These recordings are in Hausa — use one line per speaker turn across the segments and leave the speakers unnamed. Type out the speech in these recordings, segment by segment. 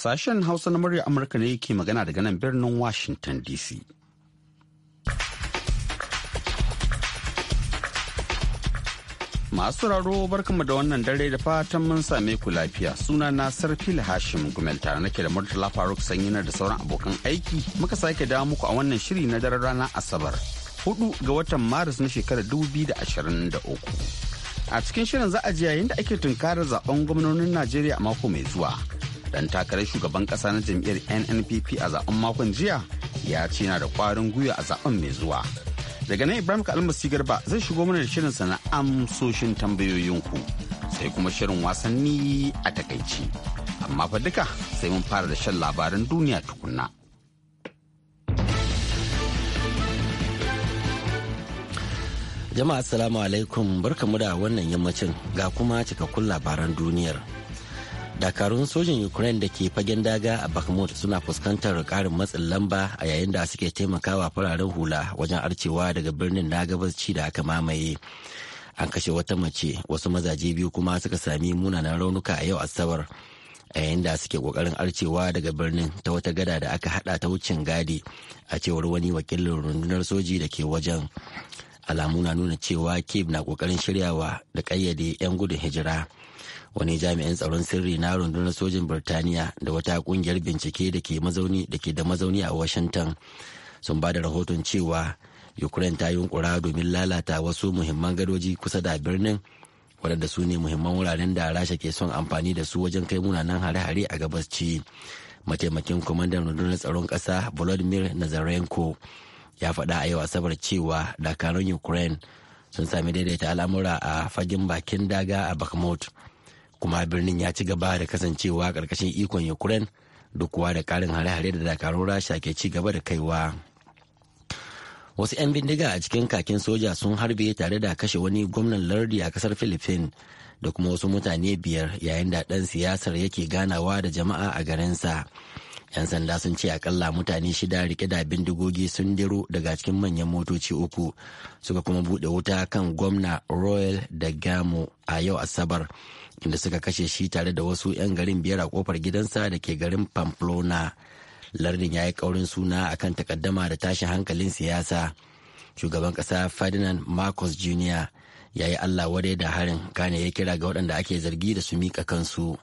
Sashen Hausa na murya Amurka ne yake magana daga nan birnin Washington DC. Masu raro barkanmu da wannan dare da fatan mun same ku lafiya suna na sarfil Hashim Gumel tare nake da Murtala Faruk Sanyina da sauran abokan aiki muka sake dawo muku a wannan shiri na daren rana Asabar hudu ga watan Maris na shekarar 2023. A cikin shirin za a ji yayin da ake tunkarar zaben gwamnonin Najeriya a mako mai zuwa. dan takarar shugaban kasa na jam'iyyar nnpp a zaben makon jiya ya ce na da kwarin gwiwa a zaben mai zuwa daga nan ibrahim kalmasi garba zai shigo mana da shirin sana amsoshin tambayoyinku sai kuma shirin wasanni a takaici amma fa duka sai mun fara da shan labaran duniya tukunna
jama'a assalamu alaikum barkamu da wannan yammacin ga kuma cikakkun labaran duniyar dakarun sojin ukraine da ke fagen daga a bakhmut suna fuskantar karin matsin lamba a yayin da suke taimakawa fararen hula wajen arcewa daga birnin na gabaci da aka mamaye an kashe wata mace wasu mazaje biyu kuma suka sami munanan raunuka a yau asabar a yayin da suke kokarin arcewa daga birnin ta wata gada da aka hada ta wucin gadi a cewar wani wakilin rundunar soji da ke wajen alamu na nuna cewa kib na kokarin shiryawa da kayyade 'yan gudun hijira wani jami'in tsaron sirri na rundunar sojin birtaniya da wata kungiyar bincike da ke mazauni da ke da mazauni a washington sun ba da rahoton cewa ukraine ta yunkura domin lalata wasu muhimman gadoji kusa da birnin waɗanda su ne muhimman wuraren da rasha ke son amfani da su wajen kai munanan hare-hare a gabas ci, — mataimakin kwamandan rundunar tsaron ƙasa volodymyr nazarenko ya faɗa a yau asabar cewa dakarun ukraine sun sami daidaita al'amura a fagen bakin daga a bakhmut kuma birnin ya ci gaba da kasancewa ƙarƙashin ikon ukraine duk kuwa da ƙarin hare-hare da dakarun rasha ke ci gaba da kaiwa wasu 'yan bindiga a cikin kakin soja sun harbe tare da kashe wani gwamnan lardi a kasar philippines da kuma wasu mutane biyar yayin da ɗan siyasar yake ganawa da jama'a a garinsa 'yan sanda sun ce akalla mutane shida rike da bindigogi sun diro daga cikin manyan motoci uku suka kuma buɗe wuta kan gwamna royal da gamo a yau asabar inda suka kashe shi tare da wasu 'yan garin biyar a kofar gidansa da ke garin pamplona lardin ya yi kaurin suna akan takaddama da tashin hankalin siyasa shugaban kasa ferdinand marcos jr ya yi allah wadai da harin kane ya kira ga waɗanda ake zargi da su miƙa kansu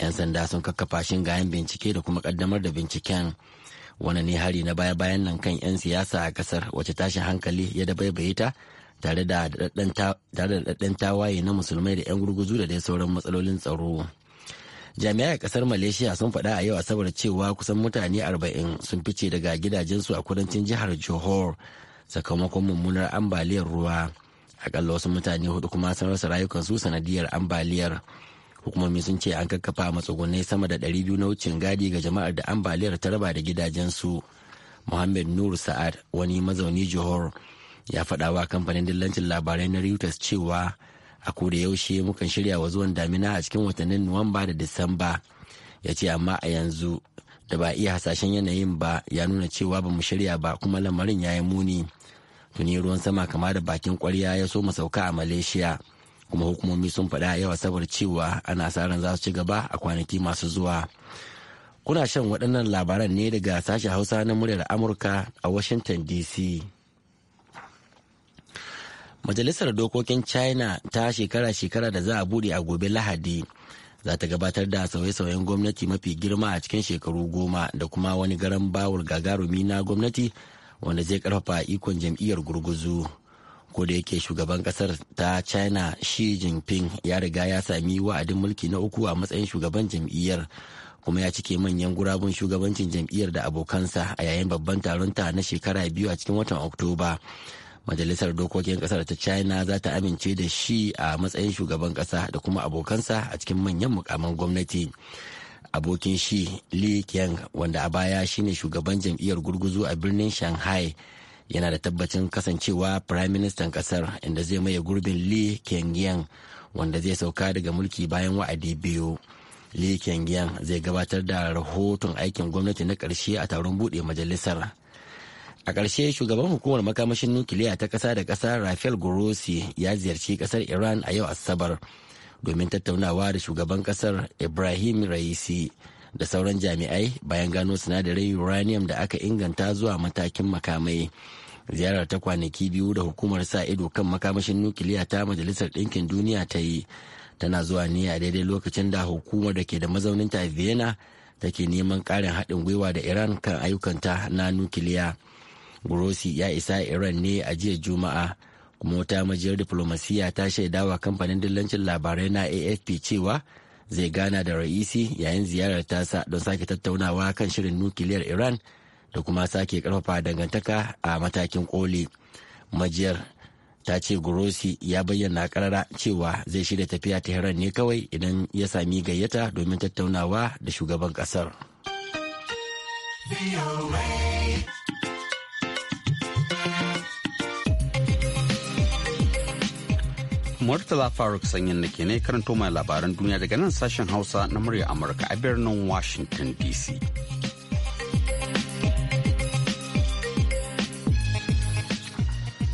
'yan sanda sun kakkafa shin gayan bincike da kuma ƙaddamar da binciken wani ne hari na baya-bayan nan kan 'yan siyasa a ƙasar wacce tashin hankali ya dabaibaye ta tare da daɗaɗɗen tawaye na musulmai da 'yan gurguzu da dai sauran matsalolin tsaro jami'ai a kasar malaysia sun faɗa a yau asabar cewa kusan mutane 40 sun fice daga gidajensu a kudancin jihar johor sakamakon mummunar ambaliyar ruwa akalla wasu mutane hudu kuma sun rasa rayukansu sanadiyar ambaliyar hukumomi sun ce an kakkafa matsugunai sama da 200 na wucin gadi ga jama'ar da ambaliyar ta raba da gidajensu muhammad nur sa'ad wani mazauni johor ya faɗa wa kamfanin dillancin labarai na reuters cewa a koda yaushe mukan shirya wa zuwan damina a cikin watannin nuwamba da disamba ya ce amma a yanzu da ba iya hasashen yanayin ba ya nuna cewa ba mu shirya ba kuma lamarin ya yi muni tuni ruwan sama kama da bakin kwarya ya so sauka a malaysia kuma hukumomi sun faɗa yawa sabar cewa ana sa ran za su ci gaba a kwanaki masu zuwa kuna shan waɗannan labaran ne daga sashen hausa na muryar amurka a washington dc majalisar dokokin china ta shekara-shekara da za a bude a gobe lahadi za ta gabatar da sauye-sauyen gwamnati mafi girma a cikin shekaru goma da kuma wani garan bawul gagarumi na gwamnati wanda zai karfafa ikon jam'iyyar gurguzu ko da yake shugaban kasar ta china xi jinping ya riga ya sami wa'adin mulki na uku a matsayin shugaban jam'iyyar kuma ya cike manyan gurabun shugabancin jam'iyyar da abokansa a yayin babban taron ta na shekara biyu a cikin watan oktoba majalisar dokokin kasar ta china za ta amince da shi a matsayin shugaban kasa da kuma abokansa a cikin manyan mukamman gwamnati abokin shi li keng wanda a baya shine shugaban jam'iyyar gurguzu a birnin shanghai yana da tabbacin kasancewa prime ministan kasar inda zai maye gurbin li keng wanda zai sauka daga mulki bayan wa'adi biyu li keng zai gabatar da rahoton aikin gwamnati na karshe a taron buɗe majalisar a ƙarshe shugaban hukumar makamashin nukiliya ta ƙasa da ƙasa rafael grossi ya ziyarci ƙasar iran a yau asabar domin tattaunawa da shugaban ƙasar ibrahim raisi da sauran jami'ai bayan gano sinadarin uranium da aka inganta zuwa matakin makamai ziyarar ta kwanaki biyu da hukumar sa ido kan makamashin nukiliya ta majalisar ɗinkin duniya ta yi tana zuwa ne a daidai lokacin da hukumar da ke da mazauninta a vienna take neman ƙarin haɗin gwiwa da iran kan ayyukanta na nukiliya. grossi ya isa iran ne a jiya juma'a kuma wata majiyar diplomasiya ta shaida wa kamfanin dillancin labarai na afp cewa zai gana da ra'isi yayin ziyarar tasa don sake tattaunawa kan shirin nukiliyar iran da kuma sake karfafa dangantaka a matakin koli majiyar ta ce grossi ya bayyana karara cewa zai shirya tafiya tehran ne kawai idan ya sami gayyata domin tattaunawa da shugaban kasar.
Murtala Faruk sanyin da ne karanto mai labaran duniya daga nan sashen Hausa na murya Amurka a birnin Washington DC.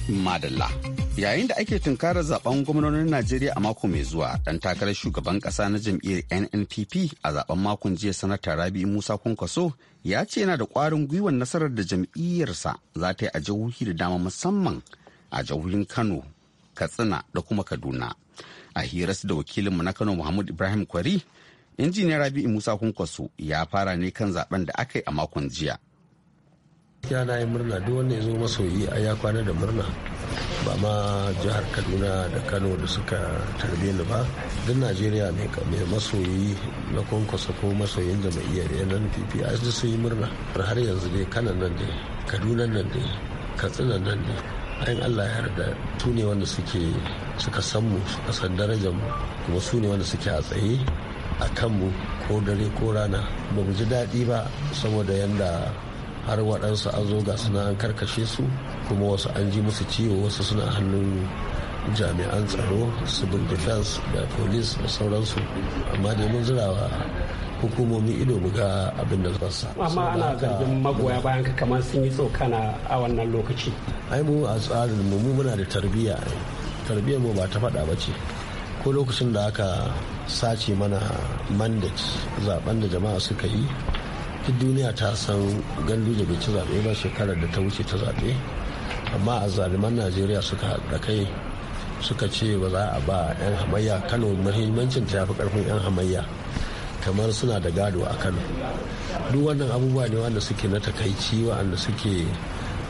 Madalla. Yayin da ake tunkarar zaben gwamnonin Najeriya a mako mai zuwa, dan takarar shugaban kasa na jam'iyyar NNPP a zaben makon jiya sanata Rabi Musa Kwankwaso ya ce yana da kwarin gwiwar nasarar da jam'iyyarsa za ta yi a jihohi da dama musamman a jahohin Kano, katsina da kuma kaduna a hirarsu da wakilinmu na kano muhammad ibrahim kwari injiniya rabi'u musa kunkwaso ya fara ne kan zaben da aka yi a makon jiya
gaskiya na yi murna duk wanda ya zo masoyi a ya kwana da murna ba ma jihar kaduna da kano da suka tarbe ni ba duk najeriya mai masoyi na kwankwasa ko masoyin jama'iyyar nnpp a yi murna har yanzu dai kanan nan dai kaduna nan dai katsina nan dai ayin allah ya yarda su ne wanda suke suka san mu suka san darajar mu kuma su ne wanda suke a tsaye a kan mu ko dare ko rana ba mu ji daɗi ba saboda yadda har waɗansu an zo ga suna an karkashe su kuma wasu an ji musu ciwo wasu suna hannun jami'an tsaro civil defense da police da sauransu amma dai mun zirawa hukumomi ido mu ga abin da za su amma ana zargin magoya bayan ka kamar sun yi tsokana a wannan lokaci ai mu a tsarin mu muna da tarbiyya tarbiyyar mu ba ta faɗa ba ce ko lokacin da aka sace mana mandate zaben da jama'a suka yi duk duniya ta san da bai ci zaɓe ba shekarar da ta wuce ta zaɓe amma a zaliman najeriya suka haɗa kai suka ce ba za a ba 'yan hamayya kano muhimmancin ta yafi karfin 'yan hamayya kamar suna da gado a kano duk wannan abubuwa ne wanda suke na takaici wa'anda suke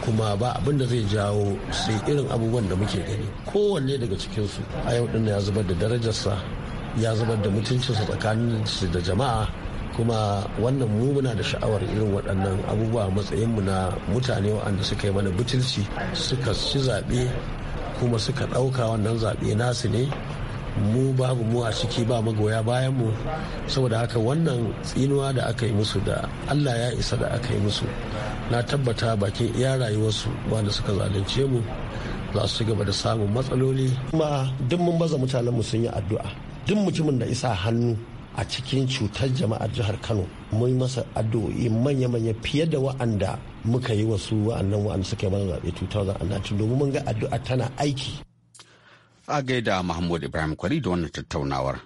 kuma ba abin zai jawo sai irin abubuwan da muke gani kowanne daga cikinsu a yau ɗin ya zubar da darajarsa ya zubar da mutuncinsa tsakanin su da jama'a kuma wannan mu muna da sha'awar irin waɗannan abubuwa matsayinmu na mutane waɗanda suka yi mana butulci suka ci zaɓe kuma suka ɗauka wannan zaɓe nasu ne mu babu mu a ciki ba magoya bayan mu saboda haka wannan tsinuwa da aka yi musu da allah ya isa da aka yi musu na tabbata bakin iya rayuwarsu wanda suka zalunce mu za su gaba da samun matsaloli kuma duk mun baza mutanen mu sun yi addu'a duk mutumin da isa hannu a cikin cutar jama'ar jihar kano mun masa addu'o'i manya-manya fiye da wa'anda muka yi wasu wa'annan wa'anda suka yi mana zaɓe 2019 domin mun ga addu'a tana aiki
a gaida Mahmud Ibrahim Kwari da wannan tattaunawar.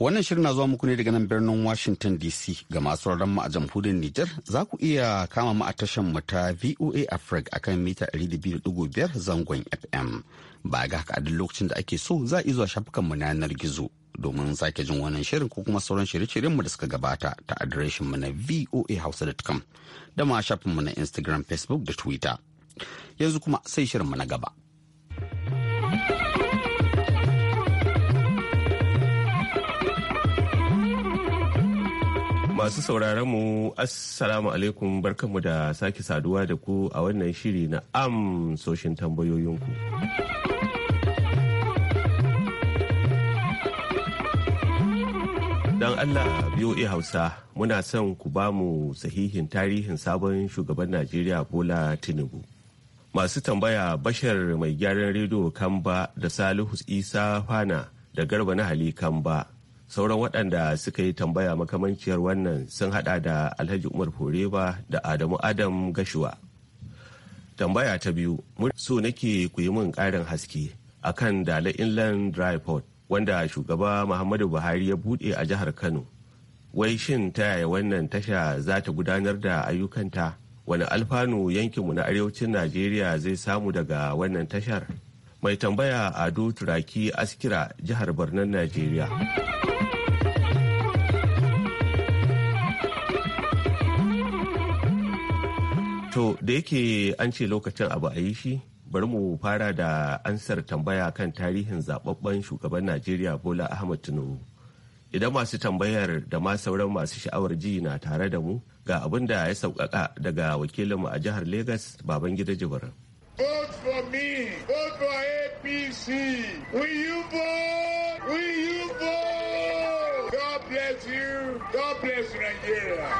Wannan shirin na zuwa muku ne daga nan birnin Washington DC ga masu sauraron mu a jamhuriyar Nijar za ku iya kama mu a tashar mu ta VOA Africa akan mita 200.5 zangon FM. Ba ga haka a duk lokacin da ake so za a zuwa shafukan mu na yanar gizo domin sake jin wannan shirin ko kuma sauran shirye-shiryen mu da suka gabata ta adireshin mu na voahausa.com da ma shafin mu na Instagram, Facebook da Twitter. Yanzu kuma sai shirin mu na gaba.
Masu sauraron mu Assalamu alaikum barkanmu da sake saduwa da ku a wannan shiri na amsoshin tambayoyinku. dan Allah VOA Hausa muna son ku ba mu sahihin tarihin sabon shugaban Najeriya Bola Tinubu. Masu tambaya bashar mai gyaran rediyo Kamba da Salihu Isa Fana da Garba na Hali Kamba. sauran waɗanda suka yi tambaya makamanciyar wannan sun hada da alhaji umar foreba da adamu adam gashuwa tambaya ta biyu so nake ku yi min ƙarin haske akan dala inland dry port wanda shugaba muhammadu buhari ya buɗe a jihar kano wai shin ta yaya wannan tasha za ta gudanar da ayyukanta wani alfanu yankinmu na arewacin najeriya zai samu daga wannan tashar mai tambaya ado turaki askira jihar birnin najeriya To da yake an ce lokacin abu a yi shi bari mu fara da ansar tambaya kan tarihin zababben shugaban Najeriya Bola Ahmad Tinubu. Idan masu tambayar da ma sauran masu sha'awar ji na tare da mu ga abin da ya sauƙaƙa daga wakilinmu a jihar Legas Babangida Jibirin.
Vote for me, vote for APC. Will you vote? Will you vote?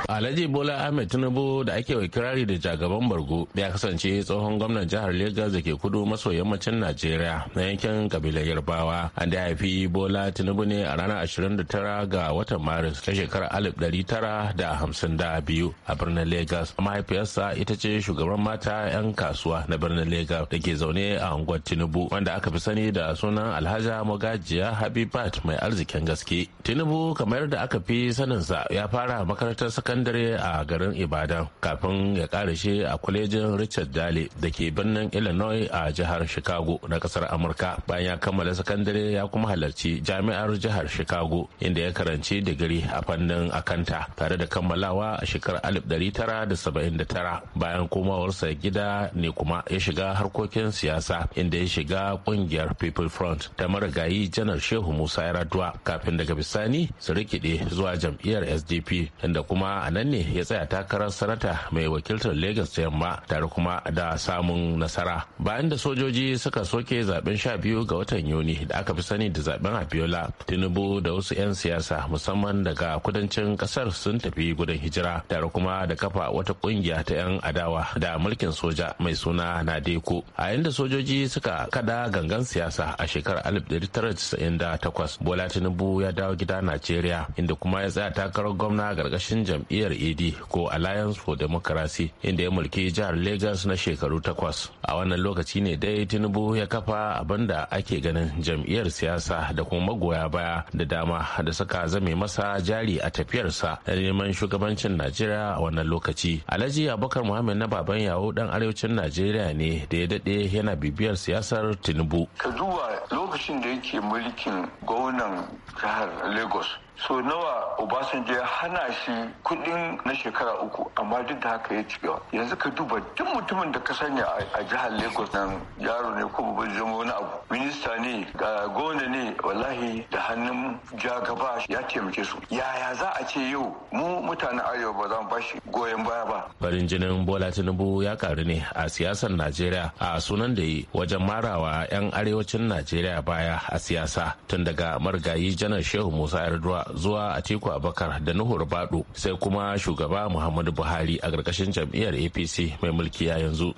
Alhaji Bola Ahmed Tinubu da ake wa kirari da jagaban bargo ya kasance tsohon gwamnan jihar Legas da ke kudu maso yammacin Najeriya na yankin kabilar Yarbawa. An da haifi Bola Tinubu ne a ranar 29 ga watan Maris ta shekarar 1952 a birnin Legas. Mahaifiyarsa ita ce shugaban mata 'yan kasuwa na birnin Legas da ke zaune a unguwar Tinubu wanda aka fi sani da sunan Alhaja Magajiya Habibat mai arzikin gaske. Tinubu kamar da aka fi saninsa ya fara makarantar sakandare a garin Ibadan kafin ya karashe a kwalejin Richard Dale da ke birnin Illinois a jihar Chicago na kasar Amurka. Bayan ya kammala sakandare ya kuma halarci jami'ar jihar Chicago inda ya karanci digiri a fannin akanta tare da kammalawa a shekarar 1979 bayan komawarsa gida ne kuma ya shiga harkokin siyasa inda ya shiga kungiyar People Front ta marigayi janar Shehu Musa ya raduwa kafin daga bisani su rikide zuwa jam'iyyar sdp inda kuma a nan ne ya tsaya takarar sanata mai wakiltar lagos ta yamma tare kuma da samun nasara bayan da sojoji suka soke zaben sha biyu ga watan yuni da aka fi sani da zaben abiola tinubu da wasu 'yan siyasa musamman daga kudancin kasar sun tafi gudun hijira tare kuma da kafa wata kungiya ta 'yan adawa da mulkin soja mai suna nadeko a inda sojoji suka kada gangan siyasa a shekarar 1998 bola tinubu ya dawo gida najeriya inda kuma ya tsaya takarar gwamna a gargashin jam'iyyar ad ko alliance for democracy inda ya mulki jihar Legas na shekaru takwas a wannan lokaci ne dai tinubu ya kafa abin da ake ganin jam'iyyar siyasa da kuma magoya baya da dama da suka zame masa jari a tafiyarsa da neman shugabancin najeriya a wannan lokaci alhaji abubakar muhammad na baban yawo dan arewacin najeriya ne da ya dade yana bibiyar siyasar tinubu ka duba
lokacin da yake mulkin gwamnan jihar lagos so nawa obasanjo
ya hana shi kudin na shekara uku amma duk da haka ya ci gaba yanzu ka duba duk
mutumin da ka sanya
a jihar lagos nan yaro ne ko babban zama wani abu minista ne
ga gona ne wallahi da hannun ja gaba ya taimake su
yaya za a
ce yau mu mutanen arewa ba za mu bashi goyon baya
ba barin jinin bola tinubu ya karu ne a siyasar najeriya a sunan da yi wajen marawa yan arewacin najeriya baya a siyasa tun daga marigayi janar shehu musa yarduwa zuwa a Atiku Abakar da Nuhur Bado sai kuma shugaba Muhammadu Buhari a ƙarƙashin jam'iyyar APC mai mulki ya yanzu.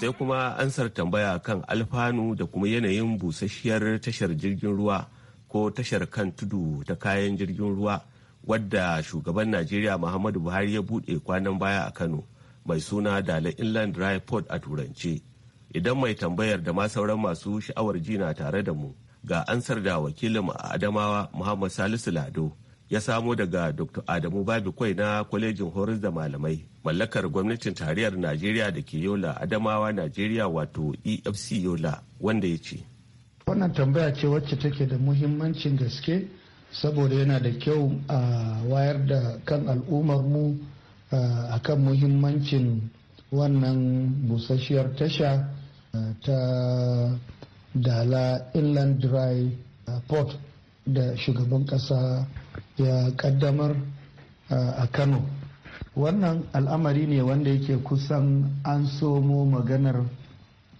sai kuma ansar tambaya kan alfanu da kuma yanayin busasshiyar tashar jirgin ruwa ko tashar kan tudu ta kayan jirgin ruwa wadda shugaban najeriya muhammadu buhari ya buɗe kwanan baya a kano mai suna dala inland dry port a turance idan mai tambayar da ma sauran masu sha'awar jina tare da mu ga ansar da wakilin adamawa muhammad salisu lado ya samo daga dr adamu kwai na kwalejin horis da malamai mallakar gwamnatin tarayyar najeriya da ke yola adamawa najeriya wato efc yola wanda ya
ce wannan tambaya ce wacce take da muhimmancin gaske saboda yana da kyau a wayar da kan al'ummar mu a kan muhimmancin wannan busasshiyar tasha ta dala inland dry port da shugaban kasa ya kaddamar a kano wannan al'amari ne wanda yake kusan an somo maganar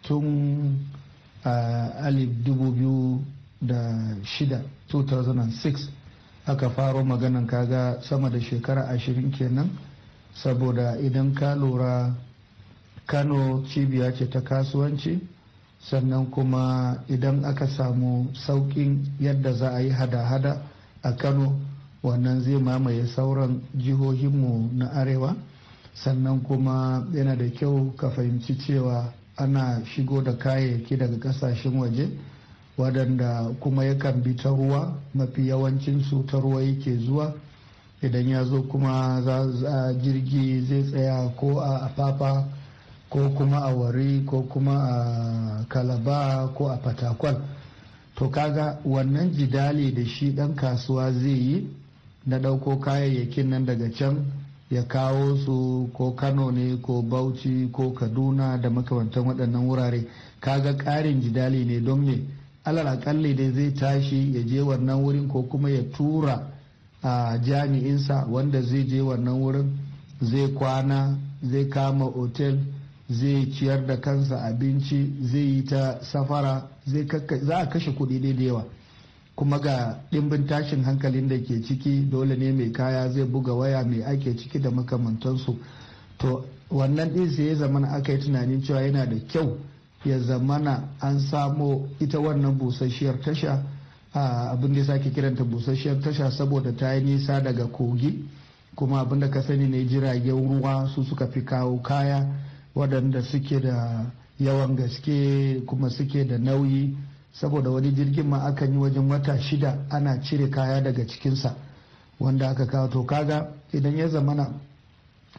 tun a alif da shida 2006 aka faro maganan kaga sama da shekara ashirin kenan saboda idan ka lura kano cibiya ce ta kasuwanci sannan kuma idan aka samu saukin yadda za a yi hada-hada a kano wannan zai mamaye sauran jihohinmu na arewa sannan kuma yana da kyau ka fahimci cewa ana shigo da kayayyaki daga kasashen waje waɗanda kuma yakan bi ta ruwa mafi yawancinsu ta ruwa yake zuwa idan ya zo kuma za jirgi zai tsaya ko a fafa ko kuma a wari ko kuma a kalaba ko a fatakwal to kaga wannan jidali da shi dan kasuwa zai yi na ɗauko kayayyakin nan daga can ya kawo su ko kano ne ko bauchi ko kaduna da makamantan waɗannan wurare kaga ƙarin jidali ne don me alal akalli dai zai tashi ya je wannan wurin ko kuma ya tura a jami'insa wanda zai je wannan wurin zai kwana zai kama otel zai ciyar da kansa abinci zai yi ta safara za a kashe kuɗi da yawa kuma ga ɗimbin tashin hankalin da ke ciki dole ne mai kaya zai buga waya mai ake ciki da makamantansu to wannan ɗin sai ya zamana aka yi tunanin cewa yana da kyau ya zamana an samo ita wannan busasshiyar tasha abin da ya sake kiranta busasshiyar tasha saboda ta yi nisa daga kogi kuma abin da ka sani ne jiragen ruwa su suka fi kawo kaya waɗanda suke da yawan gaske kuma suke da nauyi saboda wani jirgin ma akan yi wajen wata shida ana cire kaya daga cikinsa wanda aka kawo to kaga idan ya zamana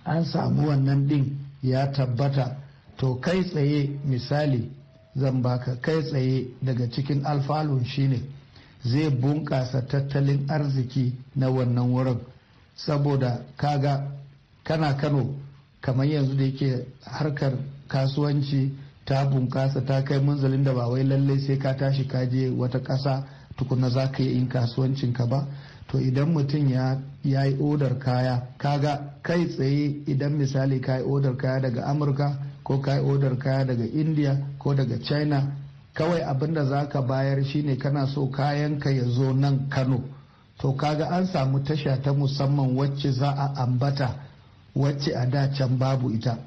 an samu wannan din ya tabbata to kai tsaye misali zan baka kai tsaye daga cikin alfalun shine zai bunƙasa tattalin arziki na wannan wurin saboda kaga kana kano kamar yanzu da yake harkar kasuwanci ta bunƙasa ta kai munzalin da ba wai lallai sai ka tashi ka je wata ƙasa tukuna za ka yi in kasuwancinka ba to idan mutum ya yi odar kaya kaga kai tsaye idan misali ka yi odar kaya daga amurka ko ka yi odar kaya daga indiya ko daga china kawai abin da za ka bayar shine kana so kayan ka ya zo nan kano to kaga an samu tasha ta musamman wacce za a ambata wacce a da can babu ita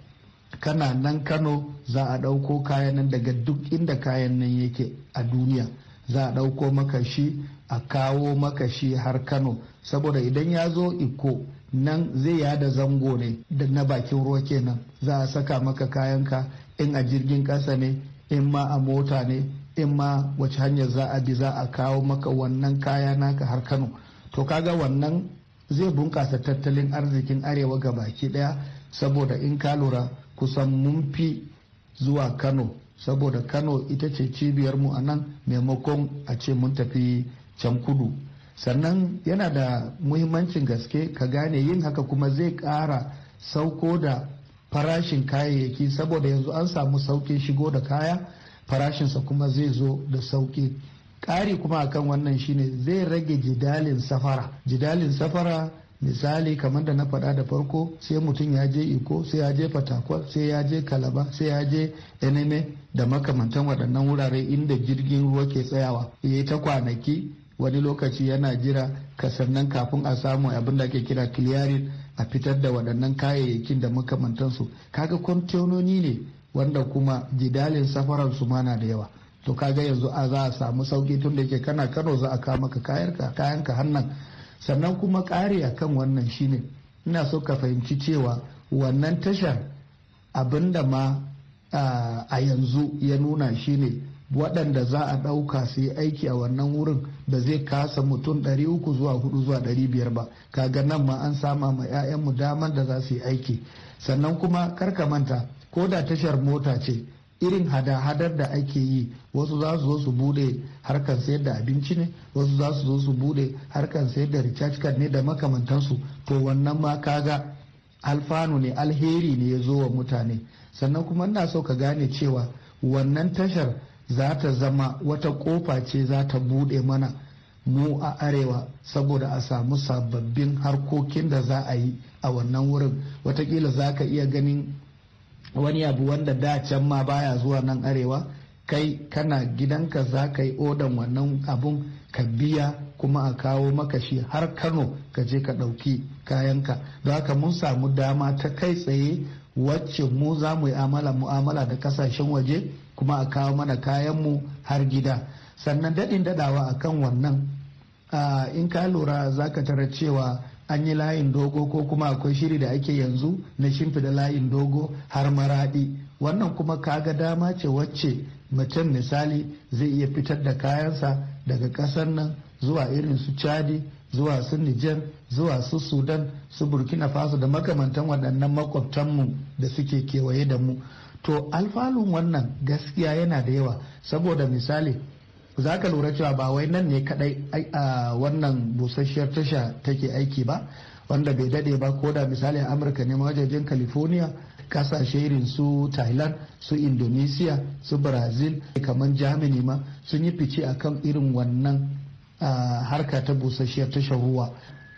kana nan kano za a ɗauko kayan nan daga duk inda kayan nan yake a duniya za a ɗauko maka shi a kawo maka shi har kano saboda idan ya zo iko nan zai yada zango ne da na bakin ruwa kenan za a saka maka kayanka in a jirgin ƙasa ne in ma a mota ne in ma wace hanyar za a bi za a kawo maka wannan kaya naka har kano to kaga wannan zai bunkasa tattalin arzikin arewa ga baki daya saboda in ka lura kusan mun fi zuwa kano saboda kano ita ce cibiyarmu a nan maimakon a ce mun tafi can kudu sannan yana da muhimmancin gaske ka gane yin haka kuma zai ƙara sauko da farashin kayayyaki saboda yanzu an samu saukin shigo da kaya farashinsa kuma zai zo da sauƙi ƙari kuma akan wannan shine zai rage jidalin safara jidalin safara misali kamar da na faɗa da farko sai mutum ya je iko sai ya je fatakwal sai ya je kalaba sai ya je eneme da makamantan waɗannan wurare inda jirgin ruwa ke tsayawa ya ta kwanaki wani lokaci yana jira ka sannan kafin a samu abin da ake kira kiliyarin a fitar da waɗannan kayayyakin da makamantansu kaga kwamfiyononi ne wanda kuma jidalin safarar su mana da yawa to kaga yanzu a za a samu sauki tun da yake kana kano za a kawo maka kayarka kayanka hannan sannan kuma kari a kan wannan shine ina so ka fahimci cewa wannan tashar abinda ma a yanzu ya nuna shine waɗanda za a ɗauka su yi aiki a wannan wurin da zai kasa mutum 300 zuwa 4 zuwa 500 ba kaga nan ma an sama ma 'ya'yanmu damar da za su yi aiki sannan kuma karka manta ko da tashar mota ce irin hada-hadar da ake yi wasu za su zo su bude harkar sayar da abinci ne wasu za su zo su bude harkar sayar da recharge card ne da makamantansu to wannan ma kaga alfanu ne alheri ne ya zo wa mutane sannan kuma ina so ka gane cewa wannan tashar za ta zama wata kofa ce za ta bude mana mu a arewa saboda a samu sababbin harkokin da za a yi a wannan wurin watakila za ka iya ganin wani abu wanda da can ma baya zuwa nan arewa kai kana gidanka za ka yi odan wannan abun ka biya kuma a kawo maka shi har kano ka je ka ɗauki kayanka don haka mun samu dama ta kai tsaye wacce mu za mu yi mu'amala da kasashen waje kuma a kawo mana kayanmu har gida sannan daɗin daɗawa a kan wannan in ka lura za ka tara cewa an yi layin dogo ko kuma akwai shiri da ake yanzu na shimfida layin dogo har maradi wannan kuma kaga dama ce wacce mutum misali zai iya fitar da kayansa daga ƙasar nan zuwa irin su chadi zuwa su Nijar zuwa su sudan su burkina faso da makamantan waɗannan makwabtanmu da suke kewaye da mu to alfalun wannan gaskiya yana da yawa saboda misali za ka lura cewa ba wai nan ne kadai a wannan busasshiyar tasha take aiki ba wanda bai dade ba ko da misali amurka ne wajajen california kasashe irin su thailand su indonesia su brazil kamar germany ma sun yi fice akan irin wannan harka ta busasshiyar tashar ruwa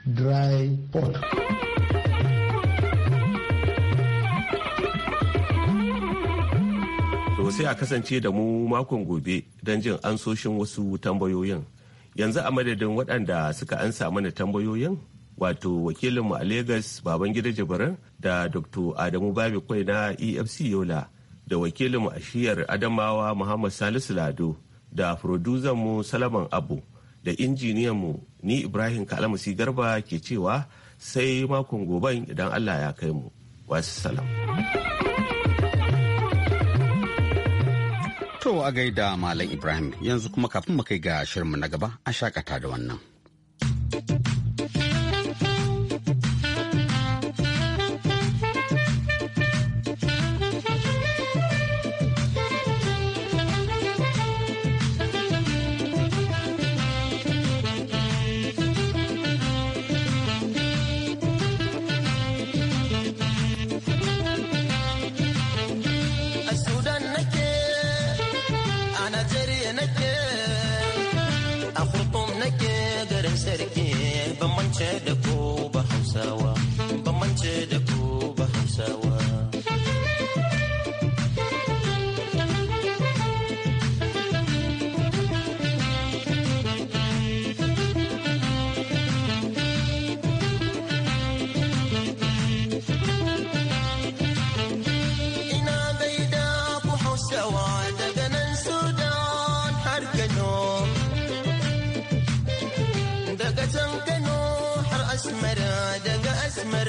dry port
To sai a kasance da mu makon gobe don jin ansoshin wasu tambayoyin. Yanzu a madadin waɗanda suka ansa mana tambayoyin wato wakilinmu a Legas Babangida Jibirin da Dr. Adamu Babi Kwai na EFC Yola da wakilinmu a shiyar Adamawa Muhammad Salisu Lado da mu Salaman Abu da injiniyanmu ni Ibrahim Kalamusi Garba ke cewa sai makon goben idan Allah ya kai mu. Wasu salam.
a gaida Malam Ibrahim yanzu kuma kafin mu kai ga shirinmu na gaba a shakata da wannan.
اسمر دق اسمر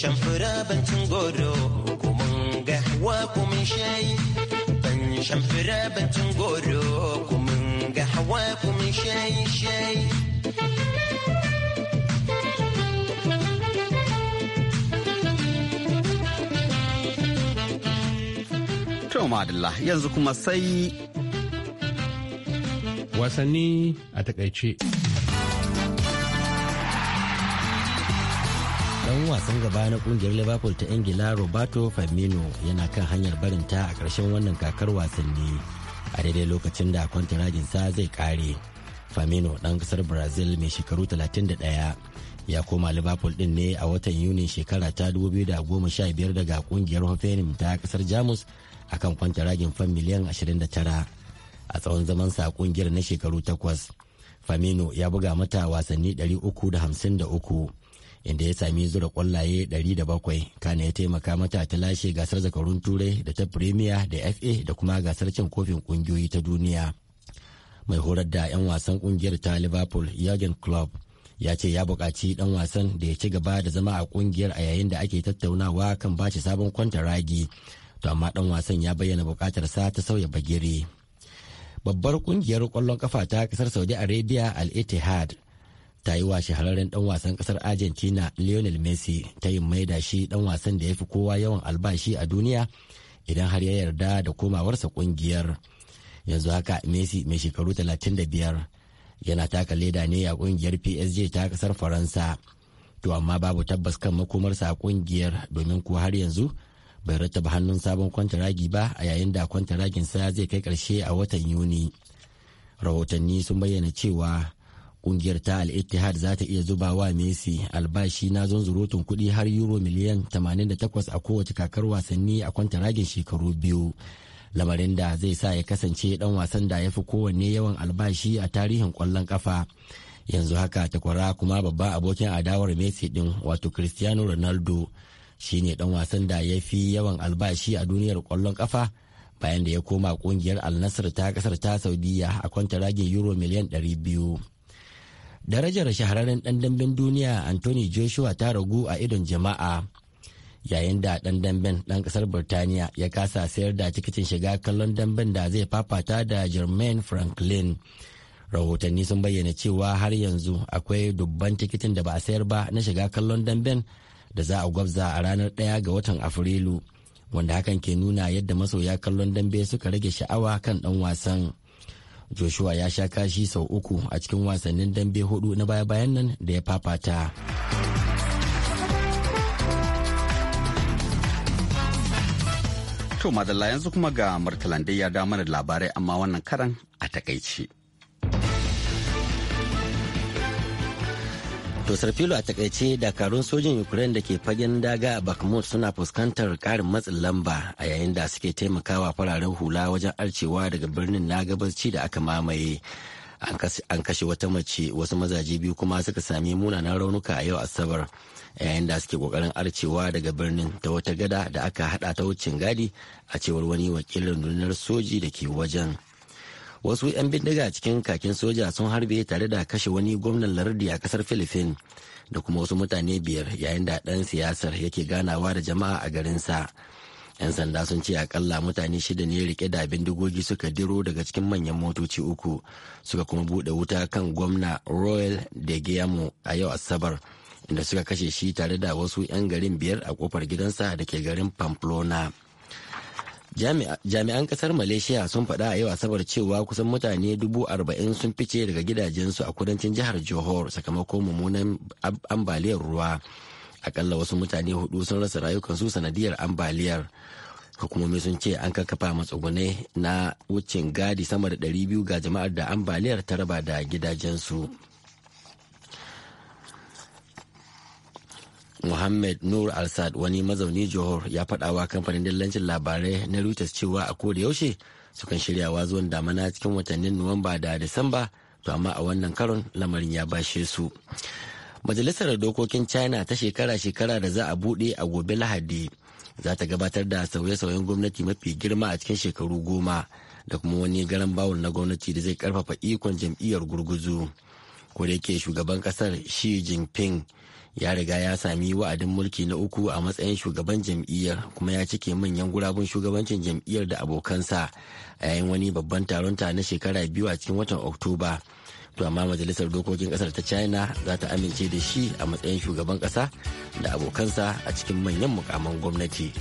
shan fura ban cin goro ko mun ga hawa ko mun shayi ban shan fura ban cin goro ko mun ga hawa ko mun shayi shayi
To madalla yanzu kuma sai wasanni a takaice.
wasan gaba na kungiyar liverpool ta ingila roberto firmino yana kan hanyar barinta a ƙarshen wannan kakar wasanni a daidai lokacin da sa zai kare firmino dan ƙasar brazil mai shekaru 31 ya koma liverpool ɗin ne a watan yuni shekara ta 2015 daga kungiyar hoffenheim ta kasar jamus akan kwantaragin fan miliyan 29 a tsawon zaman sa kungiyar na shekaru takwas. Firmino ya buga mata wasanni 353 inda ya sami zura kwallaye 107 kana ya taimaka mata ta lashe gasar zakarun turai da ta premier da fa da kuma gasar cin kofin kungiyoyi ta duniya mai horar da 'yan wasan kungiyar ta liverpool jurgen club ya ce ya buƙaci ɗan wasan da ya ci gaba da zama a kungiyar a yayin da ake tattaunawa kan ba shi sabon kwanta ragi, to amma ɗan wasan ya bayyana buƙatar sa ta sauya bagire babbar kungiyar ƙwallon kafa ta ƙasar saudi arabia al-ittihad ta yi wa shahararren dan wasan kasar argentina lionel messi ta yin maida shi dan wasan da ya fi kowa yawan albashi a duniya idan har ya yarda da komawarsa kungiyar yanzu haka messi mai shekaru 35 yana taka leda ne a kungiyar psg ta kasar faransa to amma babu tabbas kan makomarsa a kungiyar domin kuwa har yanzu bai rattaba hannun sabon kwantaragi ba a yayin da kwantaragin sa zai kai karshe a watan yuni rahotanni sun bayyana cewa kungiyar ta al-ittihad za ta iya zuba wa messi albashi na zurutun kuɗi har euro miliyan 88 a kowace kakar wasanni a kwanta-ragin shekaru biyu lamarin da zai sa ya kasance dan wasan da ya fi kowanne yawan albashi a tarihin kwallon kafa yanzu haka takwara kuma babban abokin adawar messi din wato cristiano ronaldo shine dan wasan da ya fi yawan albashi a duniyar kwallon kafa bayan da ya koma kungiyar al ta kasar ta saudiya a kwanta-ragin euro miliyan 200 darajar shahararren dan damben duniya anthony joshua ta ragu a idon jama'a yayin da dan damben dan kasar burtaniya ya kasa sayar da tikitin shiga kallon damben da zai fafata da germain franklin rahotanni sun bayyana cewa har yanzu akwai dubban tikitin da ba a sayar ba na shiga kallon damben da za a gwabza a ranar ɗaya ga watan afrilu wanda hakan ke nuna yadda masoya kallon dambe suka rage sha'awa kan ɗan wasan. joshua ya sha kashi sau uku a cikin wasannin dambe hudu na baya-bayan nan da ya fafata to madalla yanzu kuma ga
martalandai
ya da mana labarai amma wannan karan a takaici To Sarfilo a takaice dakarun sojin Ukraine da ke fagen daga a Bakhmut suna fuskantar karin matsin lamba a yayin da suke taimakawa fararen hula wajen arcewa daga birnin na gabaci da aka mamaye. An kashe wata mace wasu mazaje biyu kuma suka sami munanan raunuka a yau Asabar yayin da suke kokarin arcewa daga birnin ta wata gada da aka hada ta wucin gadi a cewar wani wakilin rundunar soji da ke wajen. wasu 'yan bindiga cikin kakin soja sun harbe tare da kashe wani gwamnan lardi a kasar philippines da kuma wasu mutane biyar yayin da ɗan siyasar yake ganawa da jama'a a garinsa 'yan sanda sun ce akalla mutane shida ne rike da bindigogi suka diro daga cikin manyan motoci uku suka kuma buɗe wuta kan gwamna royal de guillermo a yau asabar inda suka kashe shi tare da wasu 'yan garin biyar a kofar gidansa da ke garin pamplona jami'an kasar malaysia sun faɗa a yau asabar cewa kusan mutane dubu arba'in sun fice daga gidajensu a kudancin jihar johor sakamakon mummunan ambaliyar ruwa akalla wasu mutane hudu sun rasa rayukansu sanadiyar ambaliyar hukumomi sun ce an kakkafa matsuguni na wucin gadi sama da 200 ga jama'ar da ambaliyar ta raba da gidajensu. Muhammad Nur Al-Sad wani mazauni Johor ya faɗawa kamfanin dillancin labarai na Reuters cewa a koda yaushe sukan shiryawa zuwan damana cikin watannin Nuwamba da Disamba to amma a wannan karon lamarin ya bashe su. Majalisar Dokokin China ta shekara-shekara da za a buɗe a gobe Lahadi za ta gabatar da sauye-sauyen gwamnati mafi girma a cikin shekaru goma da kuma wani garan bawul na gwamnati da zai karfafa ikon jam'iyyar gurguzu. kodayake shugaban kasar Xi Jinping ya riga ya sami wa'adin mulki na uku a matsayin shugaban jam'iyyar kuma ya cike manyan gurabun shugabancin jam'iyyar da abokansa a yayin wani babban taron ta na shekara biyu a cikin watan oktoba to amma majalisar dokokin kasar ta china za ta amince da shi a matsayin shugaban kasa da abokansa a cikin manyan mukaman gwamnati.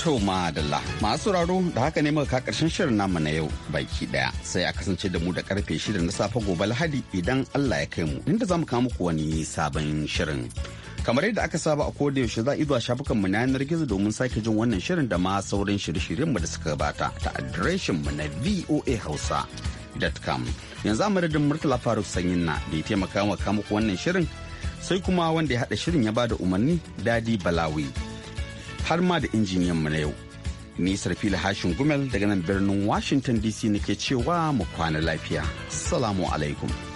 To madalla
masu sauraro da haka ne muka karshen shirin namu na yau baki daya sai a kasance da mu da karfe shida na safe gobe lahadi idan Allah ya kai mu inda zamu kawo muku wani sabon shirin. Kamar yadda aka saba a koda yaushe za a zuwa shafukan mu na yanar gizo domin sake jin wannan shirin da ma sauran shirye-shiryen mu da suka gabata ta adireshin mu na com. Yanzu a madadin Murtala Faruk Sanyin na da ya taimaka muku wannan shirin sai kuma wanda ya haɗa shirin ya bada umarni Dadi Balawi. har ma da injiniyan mu na yau. Ni Sarfila Hashin Gumel daga nan birnin Washington DC nake cewa mu kwana lafiya. Salamu alaikum.